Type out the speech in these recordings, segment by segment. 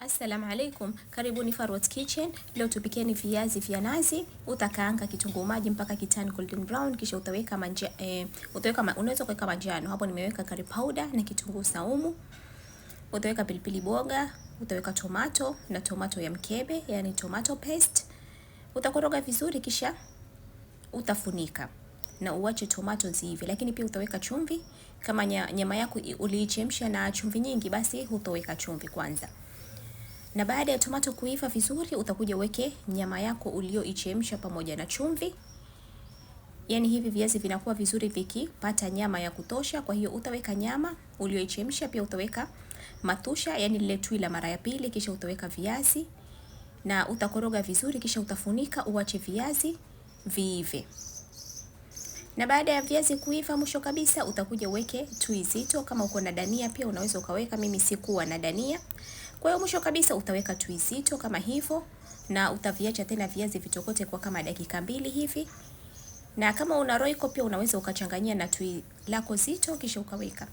Assalamu alaikum, karibuni Farwat Kitchen. Leo tupikeni viazi vya nazi. Utakaanga kitunguu maji mpaka kitani golden brown, kisha utaweka manja, eh, utaweka ma, unaweza kuweka manjano. Hapo nimeweka curry powder na kitunguu saumu. Utaweka pilipili boga, utaweka tomato na tomato ya mkebe, yani tomato paste. Utakoroga vizuri kisha utafunika na uache tomato ziive, lakini pia utaweka chumvi. Kama nyama yako uliichemsha na chumvi nyingi, basi hutoweka chumvi kwanza. Na baada ya tomato kuiva vizuri, utakuja uweke nyama yako uliyoichemsha pamoja na chumvi. Yaani hivi viazi vinakuwa vizuri vikipata nyama ya kutosha. Kwa hiyo utaweka nyama uliyoichemsha, pia utaweka matusha, yaani lile tui la mara ya pili, kisha utaweka viazi na utakoroga vizuri, kisha utafunika uwache viazi viive. Na baada ya viazi kuiva, mwisho kabisa utakuja uweke tui zito. Kama uko na dania pia unaweza ukaweka, mimi sikuwa na dania. Kwa hiyo mwisho kabisa utaweka tui zito kama hivyo na utaviacha tena viazi vitokote kwa kama dakika mbili hivi. Na kama una royco pia unaweza ukachanganyia na tui lako zito kisha ukaweka.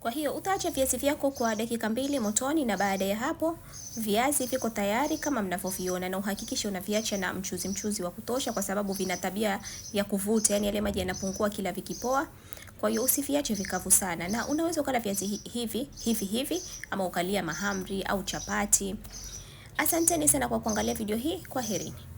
Kwa hiyo utaacha viazi vyako kwa dakika mbili motoni, na baada ya hapo viazi viko tayari kama mnavyoviona, na uhakikishe unaviacha na mchuzi mchuzi wa kutosha, kwa sababu vina tabia ya kuvuta, yani yale maji yanapungua kila vikipoa. Kwa hiyo usiviache vikavu sana, na unaweza ukala viazi hivi hivi hivi ama ukalia mahamri au chapati. Asanteni sana kwa kuangalia video hii, herini.